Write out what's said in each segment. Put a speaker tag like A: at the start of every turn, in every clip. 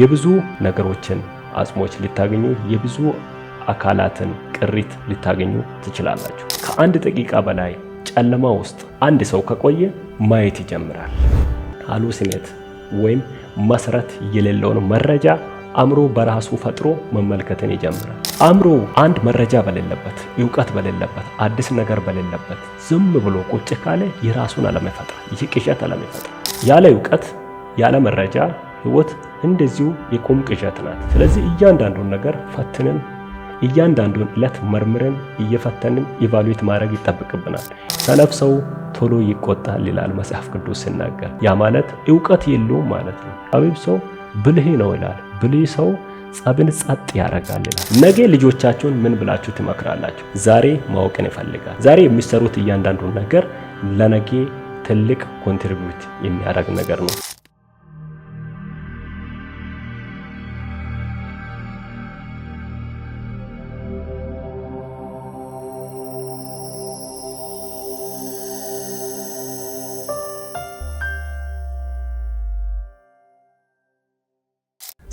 A: የብዙ ነገሮችን አጽሞች ልታገኙ የብዙ አካላትን ቅሪት ልታገኙ ትችላላችሁ። ከአንድ ደቂቃ በላይ ጨለማ ውስጥ አንድ ሰው ከቆየ ማየት ይጀምራል። ሀሉሲኔት ወይም መሰረት የሌለውን መረጃ አእምሮ በራሱ ፈጥሮ መመልከትን ይጀምራል። አእምሮ አንድ መረጃ በሌለበት፣ እውቀት በሌለበት፣ አዲስ ነገር በሌለበት ዝም ብሎ ቁጭ ካለ የራሱን ዓለም ይፈጥራል። ይህ ቅዠት ይፈጥራል። ያለ እውቀት ያለ መረጃ ህይወት እንደዚሁ የቁም ቅዠት ናት። ስለዚህ እያንዳንዱን ነገር ፈትንን፣ እያንዳንዱን ዕለት መርምረን እየፈተንን ኢቫሉዌት ማድረግ ይጠብቅብናል። ሰነፍ ሰው ቶሎ ይቆጣል ይላል መጽሐፍ ቅዱስ ሲናገር፣ ያ ማለት እውቀት የለውም ማለት ነው። ጠቢብ ሰው ብልህ ነው ይላል። ብልህ ሰው ጸብን ጸጥ ያደርጋል ይላል። ነገ ልጆቻችሁን ምን ብላችሁ ትመክራላችሁ? ዛሬ ማወቅን ይፈልጋል። ዛሬ የሚሰሩት እያንዳንዱን ነገር ለነገ ትልቅ ኮንትሪቢዩት የሚያደርግ ነገር ነው።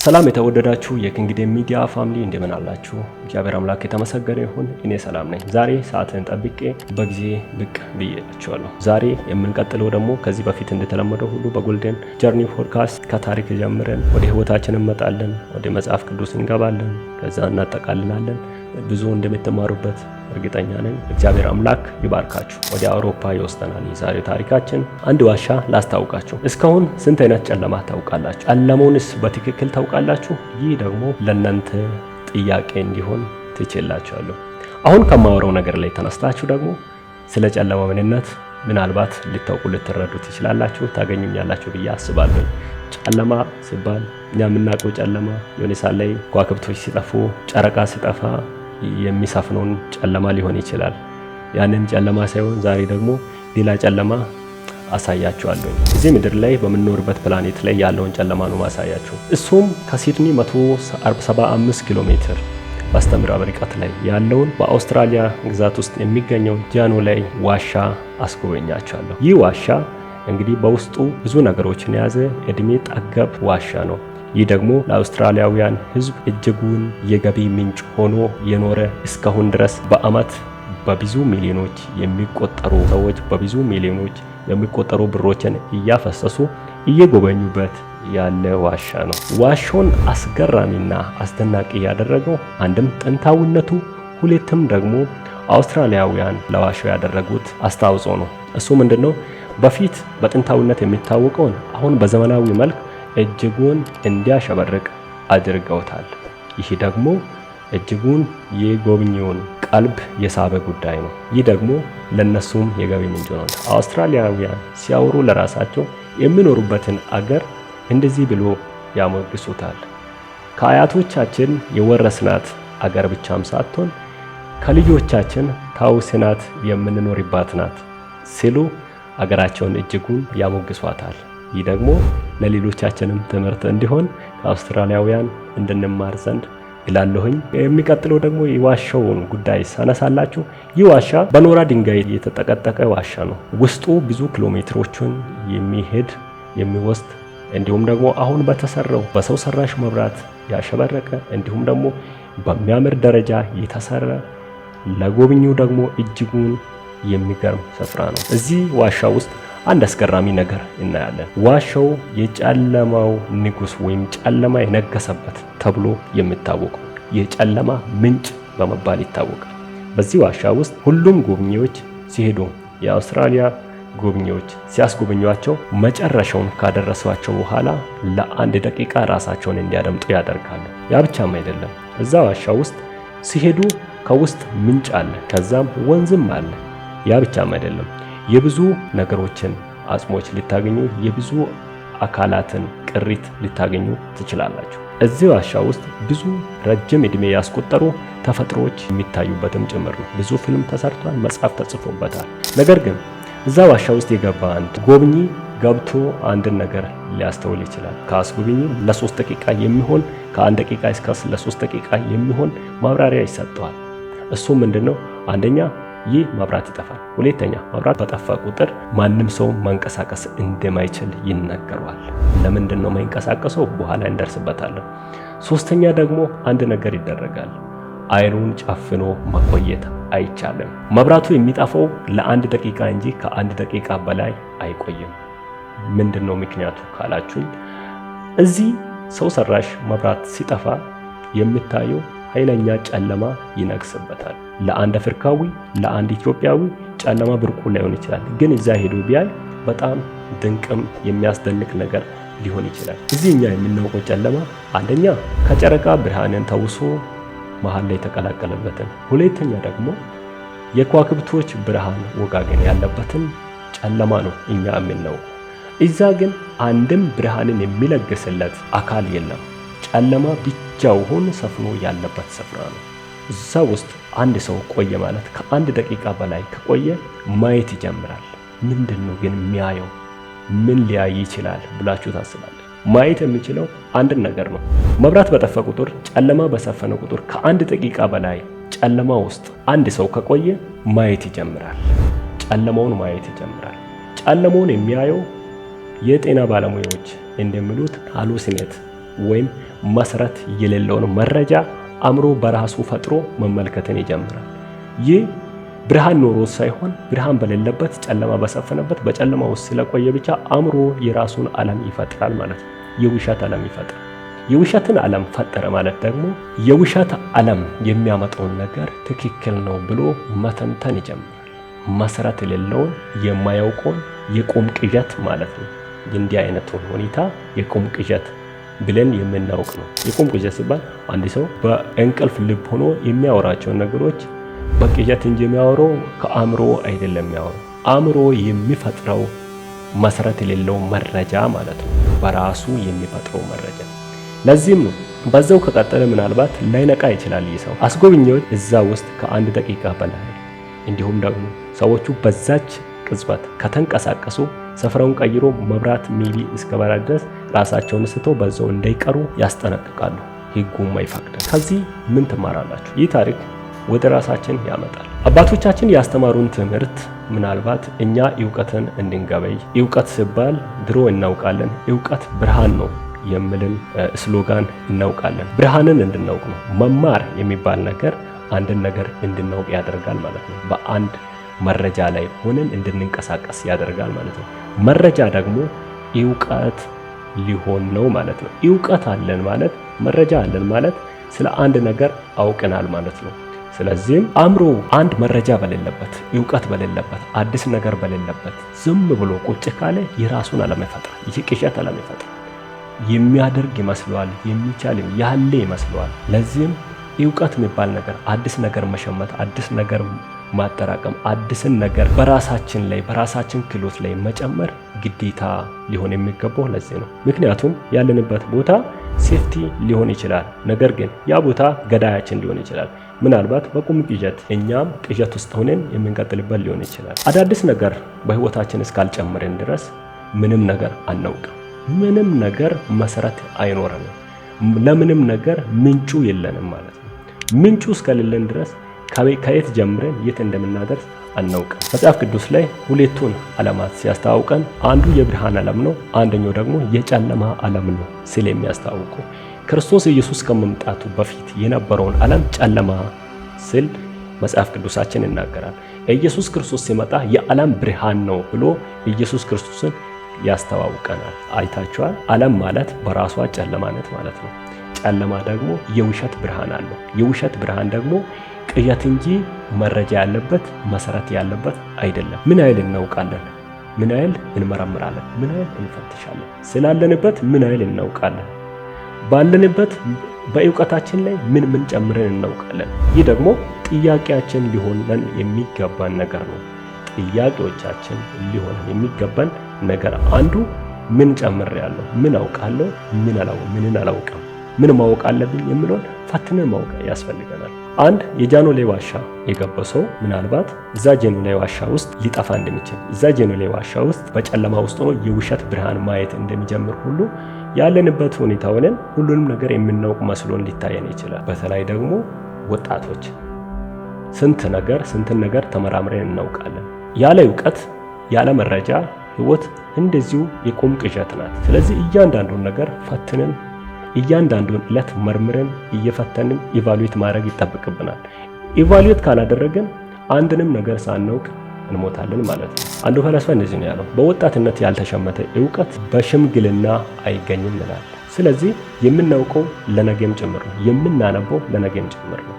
B: ሰላም የተወደዳችሁ የኪንግዴም ሚዲያ ፋሚሊ እንደምን አላችሁ? እግዚአብሔር አምላክ የተመሰገነ ይሁን። እኔ ሰላም ነኝ። ዛሬ ሰዓትን ጠብቄ በጊዜ ብቅ ብያችኋለሁ። ዛሬ የምንቀጥለው ደግሞ ከዚህ በፊት እንደተለመደው ሁሉ በጎልደን ጀርኒ ፖድካስት ከታሪክ ጀምረን ወደ ህይወታችን እንመጣለን፣ ወደ መጽሐፍ ቅዱስ እንገባለን፣ ከዛ እናጠቃልላለን። ብዙ እንደምትማሩበት እርግጠኛ ነኝ። እግዚአብሔር አምላክ ይባርካችሁ፣ ወደ አውሮፓ ይወስደናል። የዛሬው ታሪካችን አንድ ዋሻ ላስታውቃችሁ። እስካሁን ስንት አይነት ጨለማ ታውቃላችሁ? ጨለማውንስ በትክክል ታውቃላችሁ? ይህ ደግሞ ለእናንተ ጥያቄ እንዲሆን ትችላችኋለሁ። አሁን ከማወራው ነገር ላይ ተነስታችሁ ደግሞ ስለ ጨለማ ምንነት ምናልባት ልታውቁ ልትረዱ ትችላላችሁ፣ ታገኙኛላችሁ ብዬ አስባለሁ። ጨለማ ሲባል እኛ የምናውቀው ጨለማ የሆነ ሰዓት ላይ ከዋክብቶች ሲጠፉ፣ ጨረቃ ሲጠፋ የሚሰፍነውን ጨለማ ሊሆን ይችላል። ያንን ጨለማ ሳይሆን ዛሬ ደግሞ ሌላ ጨለማ አሳያችኋለሁ። እዚህ ምድር ላይ በምንኖርበት ፕላኔት ላይ ያለውን ጨለማ ነው ማሳያችሁ። እሱም ከሲድኒ 175 ኪሎ ሜትር በስተምዕራብ ርቀት ላይ ያለውን በአውስትራሊያ ግዛት ውስጥ የሚገኘው ጃኖ ላይ ዋሻ አስጎበኛችኋለሁ። ይህ ዋሻ እንግዲህ በውስጡ ብዙ ነገሮችን የያዘ እድሜ ጠገብ ዋሻ ነው። ይህ ደግሞ ለአውስትራሊያውያን ሕዝብ እጅጉን የገቢ ምንጭ ሆኖ የኖረ እስካሁን ድረስ በአመት በብዙ ሚሊዮኖች የሚቆጠሩ ሰዎች በብዙ ሚሊዮኖች የሚቆጠሩ ብሮችን እያፈሰሱ እየጎበኙበት ያለ ዋሻ ነው። ዋሻውን አስገራሚና አስደናቂ ያደረገው አንድም ጥንታዊነቱ፣ ሁለትም ደግሞ አውስትራሊያውያን ለዋሻው ያደረጉት አስተዋጽኦ ነው። እሱ ምንድን ነው? በፊት በጥንታዊነት የሚታወቀውን አሁን በዘመናዊ መልክ እጅጉን እንዲያሸበርቅ አድርገውታል። ይህ ደግሞ እጅጉን የጎብኚውን ቀልብ የሳበ ጉዳይ ነው። ይህ ደግሞ ለነሱም የገቢ ምንጭ ነው። አውስትራሊያውያን ሲያወሩ ለራሳቸው የሚኖሩበትን አገር እንደዚህ ብሎ ያሞግሱታል። ከአያቶቻችን የወረስናት አገር ብቻም ሳትሆን ከልጆቻችን ታውስናት የምንኖርባት ናት ሲሉ አገራቸውን እጅጉን ያሞግሷታል። ይህ ደግሞ ለሌሎቻችንም ትምህርት እንዲሆን ከአውስትራሊያውያን እንድንማር ዘንድ ይላለሁኝ። የሚቀጥለው ደግሞ የዋሻውን ጉዳይ ሳነሳላችሁ ይህ ዋሻ በኖራ ድንጋይ የተጠቀጠቀ ዋሻ ነው። ውስጡ ብዙ ኪሎሜትሮችን የሚሄድ የሚወስድ እንዲሁም ደግሞ አሁን በተሰራው በሰው ሰራሽ መብራት ያሸበረቀ እንዲሁም ደግሞ በሚያምር ደረጃ የተሰራ ለጎብኚው ደግሞ እጅጉን የሚገርም ስፍራ ነው። እዚህ ዋሻ ውስጥ አንድ አስገራሚ ነገር እናያለን። ዋሻው የጨለማው ንጉስ ወይም ጨለማ የነገሰበት ተብሎ የሚታወቀው የጨለማ ምንጭ በመባል ይታወቃል። በዚህ ዋሻ ውስጥ ሁሉም ጎብኚዎች ሲሄዱ የአውስትራሊያ ጎብኚዎች ሲያስጎበኟቸው መጨረሻውን ካደረሷቸው በኋላ ለአንድ ደቂቃ ራሳቸውን እንዲያደምጡ ያደርጋሉ። ያ ብቻም አይደለም። እዛ ዋሻ ውስጥ ሲሄዱ ከውስጥ ምንጭ አለ፣ ከዛም ወንዝም አለ። ያ ብቻም አይደለም። የብዙ ነገሮችን አጽሞች ልታገኙ፣ የብዙ አካላትን ቅሪት ልታገኙ ትችላላችሁ። እዚህ ዋሻ ውስጥ ብዙ ረጅም እድሜ ያስቆጠሩ ተፈጥሮዎች የሚታዩበትም ጭምር ነው። ብዙ ፊልም ተሰርቷል፣ መጽሐፍ ተጽፎበታል። ነገር ግን እዛ ዋሻ ውስጥ የገባ አንድ ጎብኚ ገብቶ አንድን ነገር ሊያስተውል ይችላል። ከአስጎብኚ ለሶስት ደቂቃ የሚሆን ከአንድ ደቂቃ እስከ ለሶስት ደቂቃ የሚሆን ማብራሪያ ይሰጠዋል። እሱ ምንድን ነው? አንደኛ ይህ መብራት ይጠፋል። ሁለተኛ መብራት በጠፋ ቁጥር ማንም ሰው ማንቀሳቀስ እንደማይችል ይነገረዋል? ለምንድን ነው ማይንቀሳቀሰው? በኋላ እንደርስበታለን። ሶስተኛ ደግሞ አንድ ነገር ይደረጋል። አይኑን ጨፍኖ መቆየት አይቻልም። መብራቱ የሚጠፋው ለአንድ ደቂቃ እንጂ ከአንድ ደቂቃ በላይ አይቆይም። ምንድን ነው ምክንያቱ ካላችሁኝ፣ እዚህ ሰው ሰራሽ መብራት ሲጠፋ የምታየው ኃይለኛ ጨለማ ይነግስበታል። ለአንድ አፍሪካዊ፣ ለአንድ ኢትዮጵያዊ ጨለማ ብርቁ ላይሆን ይችላል፣ ግን እዛ ሄዶ ቢያይ በጣም ድንቅም የሚያስደንቅ ነገር ሊሆን ይችላል። እዚህ እኛ የምናውቀው ጨለማ አንደኛ ከጨረቃ ብርሃንን ተውሶ መሀል ላይ የተቀላቀለበትን፣ ሁለተኛ ደግሞ የከዋክብቶች ብርሃን ወጋገን ያለበትን ጨለማ ነው እኛ የምናውቀው። እዛ ግን አንድም ብርሃንን የሚለግስለት አካል የለም። ጨለማ ብቻውን ሰፍኖ ያለበት ስፍራ ነው። እዛ ውስጥ አንድ ሰው ቆየ ማለት ከአንድ ደቂቃ በላይ ከቆየ ማየት ይጀምራል። ምንድን ነው ግን የሚያየው? ምን ሊያይ ይችላል ብላችሁ ታስባለ? ማየት የሚችለው አንድን ነገር ነው። መብራት በጠፋ ቁጥር፣ ጨለማ በሰፈነ ቁጥር ከአንድ ደቂቃ በላይ ጨለማ ውስጥ አንድ ሰው ከቆየ ማየት ይጀምራል። ጨለማውን ማየት ይጀምራል። ጨለማውን የሚያየው የጤና ባለሙያዎች እንደሚሉት ሃሉሲኔት ወይም መሰረት የሌለውን መረጃ አእምሮ በራሱ ፈጥሮ መመልከትን ይጀምራል። ይህ ብርሃን ኖሮ ሳይሆን ብርሃን በሌለበት ጨለማ በሰፈነበት በጨለማ ውስጥ ስለቆየ ብቻ አእምሮ የራሱን ዓለም ይፈጥራል ማለት ነው። የውሸት ዓለም ይፈጥራል። የውሸትን ዓለም ፈጠረ ማለት ደግሞ የውሸት ዓለም የሚያመጣውን ነገር ትክክል ነው ብሎ መተንተን ይጀምራል። መሰረት የሌለውን የማያውቀውን የቁም ቅዠት ማለት ነው። እንዲህ አይነቱን ሁኔታ የቁም ቅዠት ብለን የምናውቅ ነው። የቁም ቅዠት ሲባል አንድ ሰው በእንቅልፍ ልብ ሆኖ የሚያወራቸውን ነገሮች በቅዠት እንጂ የሚያወራው ከአእምሮ አይደለም። የሚያወራው አእምሮ የሚፈጥረው መሰረት የሌለው መረጃ ማለት ነው፣ በራሱ የሚፈጥረው መረጃ። ለዚህም ነው በዛው ከቀጠለ ምናልባት ላይነቃ ይችላል። ይህ ሰው አስጎብኚዎች እዛ ውስጥ ከአንድ ደቂቃ በላይ እንዲሁም ደግሞ ሰዎቹ በዛች ቅጽበት ከተንቀሳቀሱ ስፍራውን ቀይሮ መብራት ሚሊ እስከበራ ድረስ ራሳቸውን ስቶ በዛው እንዳይቀሩ ያስጠነቅቃሉ። ሕጉም አይፈቅድም። ከዚህ ምን ትማራላችሁ? ይህ ታሪክ ወደ ራሳችን ያመጣል። አባቶቻችን ያስተማሩን ትምህርት ምናልባት እኛ እውቀትን እንድንገበይ፣ እውቀት ሲባል ድሮ እናውቃለን፣ እውቀት ብርሃን ነው የምልን ስሎጋን እናውቃለን። ብርሃንን እንድናውቅ ነው መማር የሚባል ነገር አንድን ነገር እንድናውቅ ያደርጋል ማለት ነው። በአንድ መረጃ ላይ ሆነን እንድንንቀሳቀስ ያደርጋል ማለት ነው። መረጃ ደግሞ እውቀት ሊሆን ነው ማለት ነው። እውቀት አለን ማለት መረጃ አለን ማለት ስለ አንድ ነገር አውቀናል ማለት ነው። ስለዚህም አእምሮ አንድ መረጃ በሌለበት እውቀት በሌለበት አዲስ ነገር በሌለበት ዝም ብሎ ቁጭ ካለ የራሱን ዓለም ይፈጥራል። ይህ ቅዠት ዓለም ይፈጥራል። የሚያደርግ ይመስለዋል፣ የሚቻል ያለ ይመስለዋል። ለዚህም እውቀት የሚባል ነገር አዲስ ነገር መሸመት አዲስ ነገር ማጠራቀም አዲስን ነገር በራሳችን ላይ በራሳችን ክህሎት ላይ መጨመር ግዴታ ሊሆን የሚገባው ለዚህ ነው። ምክንያቱም ያለንበት ቦታ ሴፍቲ ሊሆን ይችላል፣ ነገር ግን ያ ቦታ ገዳያችን ሊሆን ይችላል። ምናልባት በቁም ቅዠት እኛም ቅዠት ውስጥ ሆነን የምንቀጥልበት ሊሆን ይችላል። አዳዲስ ነገር በህይወታችን እስካልጨምርን ድረስ ምንም ነገር አናውቅም። ምንም ነገር መሰረት አይኖረንም። ለምንም ነገር ምንጩ የለንም ማለት ነው። ምንጩ እስከሌለን ድረስ ከየት ጀምረን የት እንደምናደርስ አናውቅም። መጽሐፍ ቅዱስ ላይ ሁለቱን ዓለማት ሲያስተዋውቀን አንዱ የብርሃን ዓለም ነው፣ አንደኛው ደግሞ የጨለማ ዓለም ነው ሲል የሚያስተዋውቁ ክርስቶስ ኢየሱስ ከመምጣቱ በፊት የነበረውን ዓለም ጨለማ ሲል መጽሐፍ ቅዱሳችን ይናገራል። ኢየሱስ ክርስቶስ ሲመጣ የዓለም ብርሃን ነው ብሎ ኢየሱስ ክርስቶስን ያስተዋውቀናል። አይታችኋል። ዓለም ማለት በራሷ ጨለማነት ማለት ነው። ጨለማ ደግሞ የውሸት ብርሃን አለው። የውሸት ብርሃን ደግሞ ቅዠት እንጂ መረጃ ያለበት መሰረት ያለበት አይደለም። ምን ያህል እናውቃለን? ምን ያህል እንመረምራለን? ምን ያህል እንፈትሻለን? ስላለንበት ምን ያህል እናውቃለን? ባለንበት በእውቀታችን ላይ ምን ምን ጨምረን እናውቃለን? ይህ ደግሞ ጥያቄያችን ሊሆንን የሚገባን ነገር ነው። ጥያቄዎቻችን ሊሆነን የሚገባን ነገር አንዱ ምን ጨምሬያለሁ? ምን አውቃለሁ? ምን አላው ምንን አላውቅም? ምን ማወቅ አለብኝ የሚለውን ፈትነን ማወቅ ያስፈልገናል። አንድ የጃኖሌ ዋሻ የገባ ሰው ምናልባት እዛ ጃኖሌ ዋሻ ውስጥ ሊጠፋ እንደሚችል እዛ ጃኖሌ ዋሻ ውስጥ በጨለማ ውስጥ ሆኖ የውሸት ብርሃን ማየት እንደሚጀምር ሁሉ ያለንበት ሁኔታ ሆነን ሁሉንም ነገር የምናውቅ መስሎን ሊታየን ይችላል። በተለይ ደግሞ ወጣቶች ስንት ነገር ስንትን ነገር ተመራምረን እናውቃለን። ያለ እውቀት ያለ መረጃ ህይወት እንደዚሁ የቁም ቅዠት ናት። ስለዚህ እያንዳንዱን ነገር ፈትነን እያንዳንዱን ዕለት መርምረን እየፈተንን ኢቫሉዌት ማድረግ ይጠበቅብናል። ኢቫሉዌት ካላደረግን አንድንም ነገር ሳናውቅ እንሞታለን ማለት ነው። አንዱ ፈለስፋ እንደዚህ ነው ያለው፣ በወጣትነት ያልተሸመተ እውቀት በሽምግልና አይገኝም ይላል። ስለዚህ የምናውቀው ለነገም ጭምር ነው፣ የምናነበው ለነገም ጭምር ነው።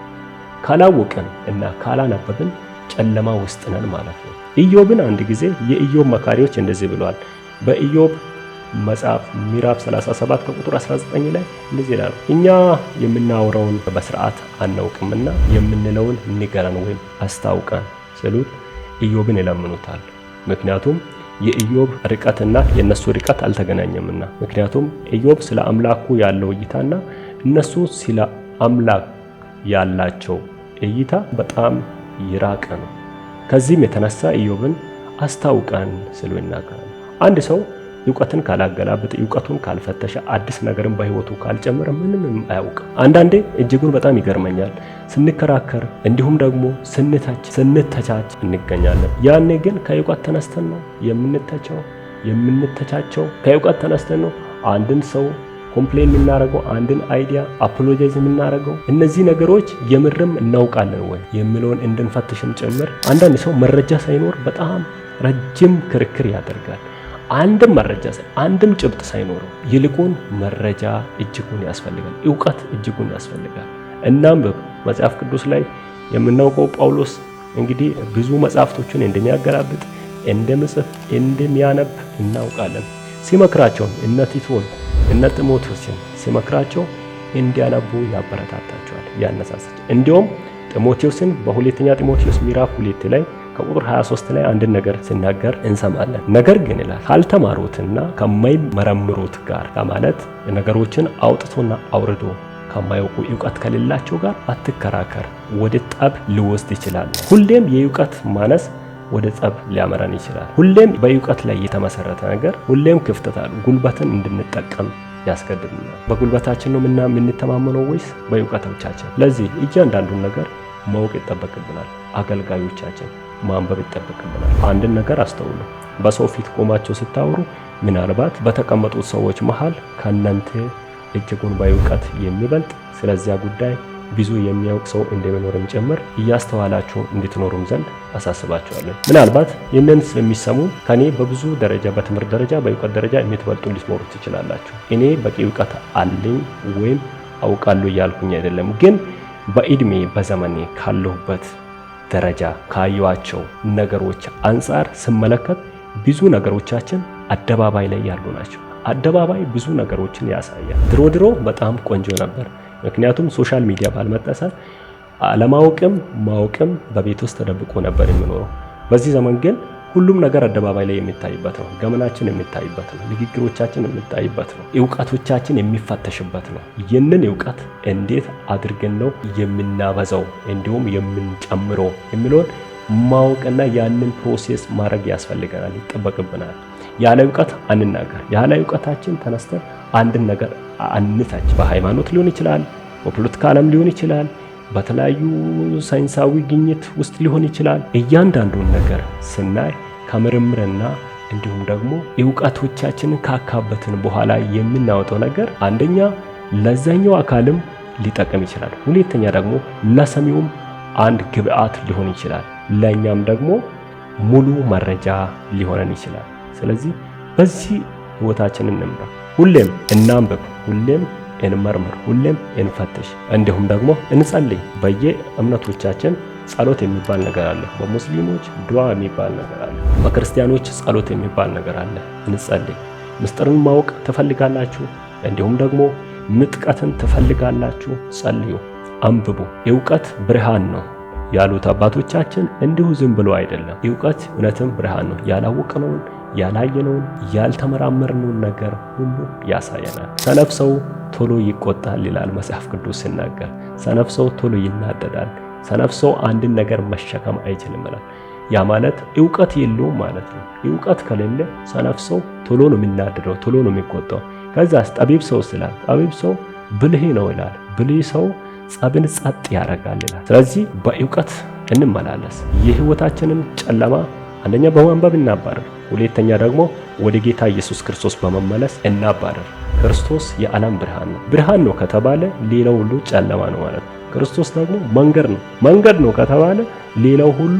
B: ካላወቅን እና ካላነበብን ጨለማ ውስጥ ነን ማለት ነው። ኢዮብን አንድ ጊዜ የኢዮብ መካሪዎች እንደዚህ ብለዋል በኢዮብ መጽሐፍ ምዕራፍ 37 ከቁጥር 19 ላይ እንደዚህ ይላል፣ እኛ የምናወራውን በስርዓት አናውቅምና የምንለውን ንገረን ወይም አስታውቀን ስሉት ኢዮብን ይለምኑታል። ምክንያቱም የኢዮብ ርቀትና የእነሱ ርቀት አልተገናኘምና። ምክንያቱም ኢዮብ ስለ አምላኩ ያለው እይታና እነሱ ስለ አምላክ ያላቸው እይታ በጣም ይራቀ ነው። ከዚህም የተነሳ ኢዮብን አስታውቀን ስሉ ይናገራል። አንድ ሰው እውቀትን ካላገላበጠ እውቀቱን ካልፈተሸ አዲስ ነገርን በህይወቱ ካልጨመረ ምንም አያውቅም። አንዳንዴ እጅጉን በጣም ይገርመኛል። ስንከራከር እንዲሁም ደግሞ ስንተች ስንተቻች እንገኛለን። ያኔ ግን ከእውቀት ተነስተን ነው የምንተቸው የምንተቻቸው ከእውቀት ተነስተን ነው አንድን ሰው ኮምፕሌን የምናደርገው አንድን አይዲያ አፖሎጃይዝ የምናደርገው እነዚህ ነገሮች የምርም እናውቃለን ወይ የምለውን እንድንፈትሽም ጭምር። አንዳንድ ሰው መረጃ ሳይኖር በጣም ረጅም ክርክር ያደርጋል። አንድም መረጃ አንድም ጭብጥ ሳይኖረው ይልቁን መረጃ እጅጉን ያስፈልጋል፣ እውቀት እጅጉን ያስፈልጋል። እናንብብ። መጽሐፍ ቅዱስ ላይ የምናውቀው ጳውሎስ እንግዲህ ብዙ መጽሐፍቶችን እንደሚያገላብጥ እንደምጽፍ እንደሚያነብ እናውቃለን። ሲመክራቸውም እነ ቲቶን እነ ጢሞቴዎስን ሲመክራቸው እንዲያነቡ ያበረታታቸዋል፣ ያነሳሳቸው። እንዲሁም ጢሞቴዎስን በሁለተኛ ጢሞቴዎስ ምዕራፍ ሁለት ላይ ከቁጥር 23 ላይ አንድን ነገር ሲናገር እንሰማለን። ነገር ግን ይላል ካልተማሩትና ከማይመረምሩት ጋር ማለት ነገሮችን አውጥቶና አውርዶ ከማያውቁ እውቀት ከሌላቸው ጋር አትከራከር፣ ወደ ጠብ ሊወስድ ይችላል። ሁሌም የእውቀት ማነስ ወደ ጸብ ሊያመራን ይችላል። ሁሌም በእውቀት ላይ የተመሰረተ ነገር ሁሌም ክፍተት አሉ። ጉልበትን እንድንጠቀም ያስገድድናል። በጉልበታችን ነው ምና የምንተማመነው ወይስ በእውቀቶቻችን? ለዚህ እያንዳንዱን ነገር ማወቅ ይጠበቅብናል። አገልጋዮቻችን ማንበብ ይጠበቅብናል። አንድን ነገር አስተውሉ። በሰው ፊት ቆማቸው ስታወሩ ምናልባት በተቀመጡት ሰዎች መሃል ከእናንተ እጅጉን በእውቀት የሚበልጥ ስለዚያ ጉዳይ ብዙ የሚያውቅ ሰው እንደሚኖርም ጭምር እያስተዋላችሁ እንድትኖሩም ዘንድ አሳስባችኋለን። ምናልባት ይህንን ስለሚሰሙ ከኔ በብዙ ደረጃ በትምህርት ደረጃ በእውቀት ደረጃ የምትበልጡ ልትኖሩ ትችላላችሁ። እኔ በቂ እውቀት አለኝ ወይም አውቃለሁ እያልኩኝ አይደለም፣ ግን በእድሜ በዘመኔ ካለሁበት ደረጃ ካዩዋቸው ነገሮች አንጻር ስመለከት ብዙ ነገሮቻችን አደባባይ ላይ ያሉ ናቸው። አደባባይ ብዙ ነገሮችን ያሳያል። ድሮ ድሮ በጣም ቆንጆ ነበር፣ ምክንያቱም ሶሻል ሚዲያ ባልመጠሰር አለማወቅም ማወቅም በቤት ውስጥ ተደብቆ ነበር የሚኖረው። በዚህ ዘመን ግን ሁሉም ነገር አደባባይ ላይ የሚታይበት ነው። ገመናችን የሚታይበት ነው። ንግግሮቻችን የሚታይበት ነው። እውቀቶቻችን የሚፈተሽበት ነው። ይህንን እውቀት እንዴት አድርገን ነው የምናበዛው እንዲሁም የምንጨምረው የሚለውን ማወቅና ያንን ፕሮሴስ ማድረግ ያስፈልገናል፣ ይጠበቅብናል። ያለ እውቀት አንናገር። ያለ እውቀታችን ተነስተን አንድን ነገር አንታች። በሃይማኖት ሊሆን ይችላል፣ በፖለቲካ ዓለም ሊሆን ይችላል በተለያዩ ሳይንሳዊ ግኝት ውስጥ ሊሆን ይችላል። እያንዳንዱን ነገር ስናይ ከምርምርና እንዲሁም ደግሞ እውቀቶቻችንን ካካበትን በኋላ የምናወጣው ነገር አንደኛ ለዛኛው አካልም ሊጠቅም ይችላል። ሁለተኛ ደግሞ ለሰሚውም አንድ ግብአት ሊሆን ይችላል። ለእኛም ደግሞ ሙሉ መረጃ ሊሆነን ይችላል። ስለዚህ በዚህ ህይወታችንን እንምራ። ሁሌም እናንብብ። ሁሌም እንመርመር፣ ሁሌም እንፈትሽ፣ እንዲሁም ደግሞ እንጸልይ። በየእምነቶቻችን ጸሎት የሚባል ነገር አለ። በሙስሊሞች ዱዓ የሚባል ነገር አለ። በክርስቲያኖች ጸሎት የሚባል ነገር አለ። እንጸልይ። ምስጢርን ማወቅ ትፈልጋላችሁ፣ እንዲሁም ደግሞ ንጥቀትን ትፈልጋላችሁ፣ ጸልዩ፣ አንብቡ። እውቀት ብርሃን ነው ያሉት አባቶቻችን እንዲሁ ዝም ብሎ አይደለም። እውቀት እውነትም ብርሃን ነው። ያላወቅነውን ያላየነውን ያልተመራመርነውን ነገር ሁሉ ያሳየናል። ሰነፍ ሰው ቶሎ ይቆጣል ይላል መጽሐፍ ቅዱስ ሲናገር። ሰነፍ ሰው ቶሎ ይናደዳል። ሰነፍ ሰው አንድን ነገር መሸከም አይችልም ይላል። ያ ማለት እውቀት የለውም ማለት ነው። እውቀት ከሌለ ሰነፍ ሰው ቶሎ ነው የሚናደደው፣ ቶሎ ነው የሚቆጣው። ከዛስ ጠቢብ ሰው ስላል ጠቢብ ሰው ብልህ ነው ይላል። ብልህ ሰው ጸብን ጸጥ ያደርጋል ይላል። ስለዚህ በእውቀት እንመላለስ። የህይወታችንን ጨለማ አንደኛ በማንበብ እናባረር ሁለተኛ ደግሞ ወደ ጌታ ኢየሱስ ክርስቶስ በመመለስ እናባረር። ክርስቶስ የዓለም ብርሃን ነው። ብርሃን ነው ከተባለ ሌላው ሁሉ ጨለማ ነው ማለት ነው። ክርስቶስ ደግሞ መንገድ ነው። መንገድ ነው ከተባለ ሌላው ሁሉ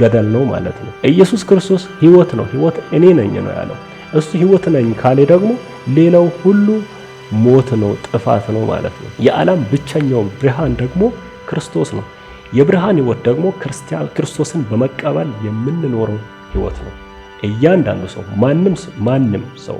B: ገደል ነው ማለት ነው። ኢየሱስ ክርስቶስ ሕይወት ነው። ሕይወት እኔ ነኝ ነው ያለው። እሱ ሕይወት ነኝ ካለ ደግሞ ሌላው ሁሉ ሞት ነው፣ ጥፋት ነው ማለት ነው። የዓለም ብቸኛው ብርሃን ደግሞ ክርስቶስ ነው። የብርሃን ሕይወት ደግሞ ክርስቲያን ክርስቶስን በመቀበል የምንኖረው ሕይወት ነው። እያንዳንዱ ሰው ማንም ማንም ሰው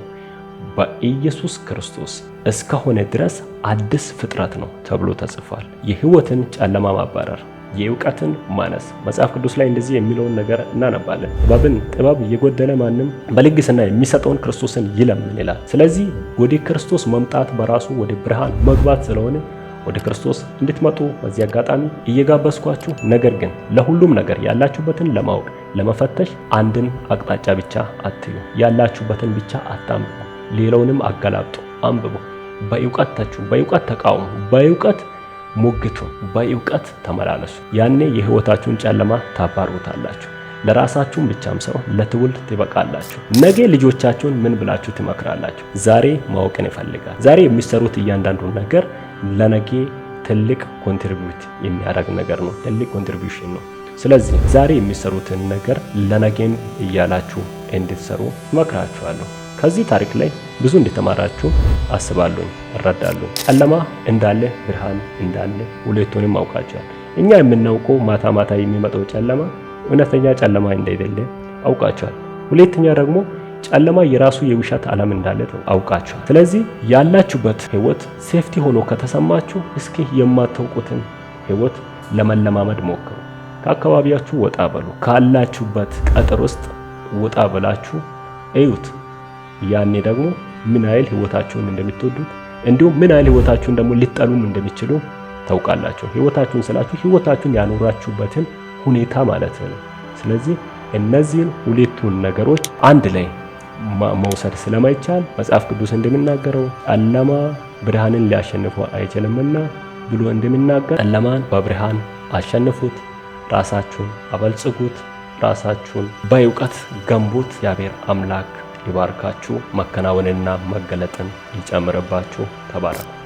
B: በኢየሱስ ክርስቶስ እስከሆነ ድረስ አዲስ ፍጥረት ነው ተብሎ ተጽፏል። የህይወትን ጨለማ ማባረር፣ የእውቀትን ማነስ መጽሐፍ ቅዱስ ላይ እንደዚህ የሚለውን ነገር እናነባለን። ጥበብን ጥበብ የጎደለ ማንም በልግስና የሚሰጠውን ክርስቶስን ይለምን ይላል። ስለዚህ ወደ ክርስቶስ መምጣት በራሱ ወደ ብርሃን መግባት ስለሆነ ወደ ክርስቶስ እንድትመጡ በዚህ አጋጣሚ እየጋበዝኳችሁ፣ ነገር ግን ለሁሉም ነገር ያላችሁበትን ለማወቅ ለመፈተሽ አንድን አቅጣጫ ብቻ አትዩ። ያላችሁበትን ብቻ አታምቡ፣ ሌላውንም አገላብጡ፣ አንብቡ። በእውቀት ተቹ፣ በእውቀት ተቃውሙ፣ በእውቀት ሞግቱ፣ በእውቀት ተመላለሱ። ያኔ የህይወታችሁን ጨለማ ታባርሩታላችሁ። ለራሳችሁም ብቻም ሳይሆን ለትውልድ ትበቃላችሁ። ነገ ልጆቻችሁን ምን ብላችሁ ትመክራላችሁ? ዛሬ ማወቅን ይፈልጋል። ዛሬ የሚሰሩት እያንዳንዱ ነገር ለነገ ትልቅ ኮንትሪቢዩት የሚያደርግ ነገር ነው። ትልቅ ኮንትሪቢዩሽን ነው። ስለዚህ ዛሬ የሚሰሩትን ነገር ለነገም እያላችሁ እንድትሰሩ እመክራችኋለሁ። ከዚህ ታሪክ ላይ ብዙ እንደተማራችሁ አስባለሁኝ፣ እረዳለሁ። ጨለማ እንዳለ ብርሃን እንዳለ ሁለቱንም አውቃችኋል። እኛ የምናውቀው ማታ ማታ የሚመጣው ጨለማ እውነተኛ ጨለማ እንዳይደለ አውቃችኋል። ሁለተኛ ደግሞ ጨለማ የራሱ የውሸት ዓለም እንዳለ አውቃችኋል። ስለዚህ ያላችሁበት ህይወት ሴፍቲ ሆኖ ከተሰማችሁ እስኪ የማታውቁትን ህይወት ለመለማመድ ሞክሩ። ከአካባቢያችሁ ወጣ በሉ። ካላችሁበት ቀጥር ውስጥ ወጣ ብላችሁ እዩት። ያኔ ደግሞ ምን ያህል ህይወታችሁን እንደምትወዱት እንዲሁም ምን ያህል ህይወታችሁን ደግሞ ሊጠሉም እንደሚችሉ ታውቃላችሁ። ህይወታችሁን ስላችሁ ህይወታችሁን ያኖራችሁበትን ሁኔታ ማለት ነው። ስለዚህ እነዚህን ሁለቱን ነገሮች አንድ ላይ መውሰድ ስለማይቻል መጽሐፍ ቅዱስ እንደሚናገረው ጨለማ ብርሃንን ሊያሸንፈው አይችልምና ብሎ እንደሚናገር ጨለማን በብርሃን አሸንፉት። ራሳችሁን አበልጽጉት፣ ራሳችሁን በእውቀት ገንቡት። እግዚአብሔር አምላክ ይባርካችሁ፣ መከናወንና መገለጥን ይጨምርባችሁ። ተባረኩ።